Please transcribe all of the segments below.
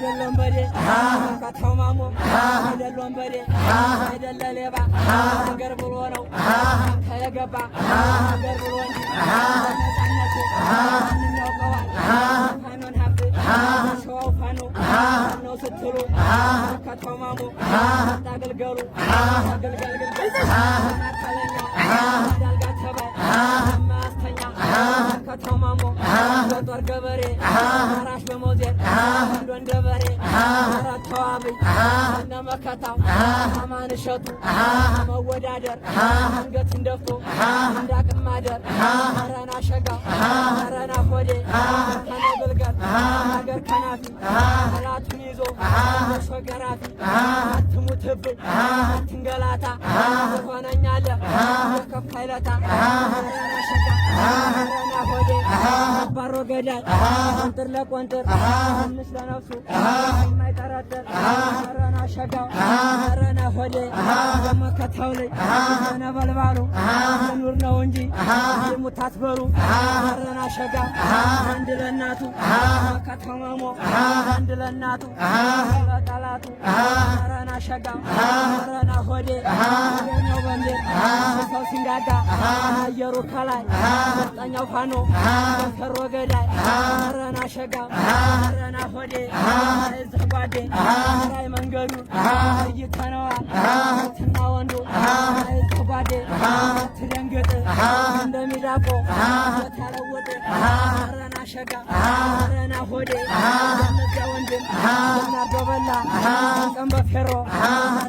አይደለ ወንበዴ ከተው ማሞ አይደለ ወንበዴ አይደለ ሌባ ነገር ብሎ ነው የገባ ነገር ብሎ እንጂ ነጻነቱ እናውቀዋል። ሃይመን ሀብት ሸዋው ፋኖ ነው ስትሉ ከተው ማሞ ታገልገሉ ገልገልግል እንደ በሬ ረተዋብኝ እነ መከታው አማን እሸቱ መወዳደር አንገት እንደፍቶ እንዳቅም ማደር ረና ሸጋ ረና ሆዴ ከነግልገል ነገር ከናፊ ጠላቱን ይዞ ሶ ገራፊ አትሙትብኝ አትንገላታ ሆነኛለ ከፍ ኃይለታ ረና ሸጋ ባሮ ገዳይ ቆንጥር ለቆንጥር አምስት ለነፍሱ የማይጠራጠር ረና ሸጋው ረና ሆዴ መከታው ላይ ነበልባሉ ልኑር ነው እንጂ ሙታትበሩ ረና ሸጋ አንድ ለእናቱ ከተማሞ አንድ ለእናቱ ጠላቱ ረና ሸጋ ረና ሆዴ ነው በንዴ ሰው ሲንጋጋ አየሩ ከላይ ጠኛው ፋኖ ከሮ ገዳይ ረና ሸጋ ረና ሆዴ ዘጓዴ ራይ መንገዱ ይተነዋል ትና ወንዱ ዘጓዴ ትደንገ ደረቀ እንደሚዳቆ ተለወጠ ረና ሸጋ አረና ሆዴ መጋ ወንድም ናርዶ በላ ቀን በፌሮ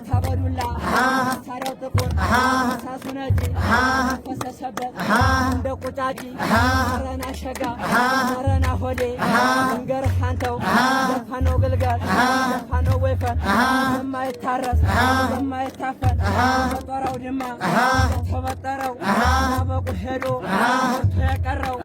ተበዱላ ሳሪያው ጥቁር ሳሱ ነጭ ፈሰሰበት እንደ ቁጫጭ አረና ሸጋ አረና ሆዴ እንገርህ አንተው ደፋነው ግልገል የማይከፈል የማይታረስ የማይታፈል በጠራው ድማ በቆጠረው በቁ ሄዶ የቀረው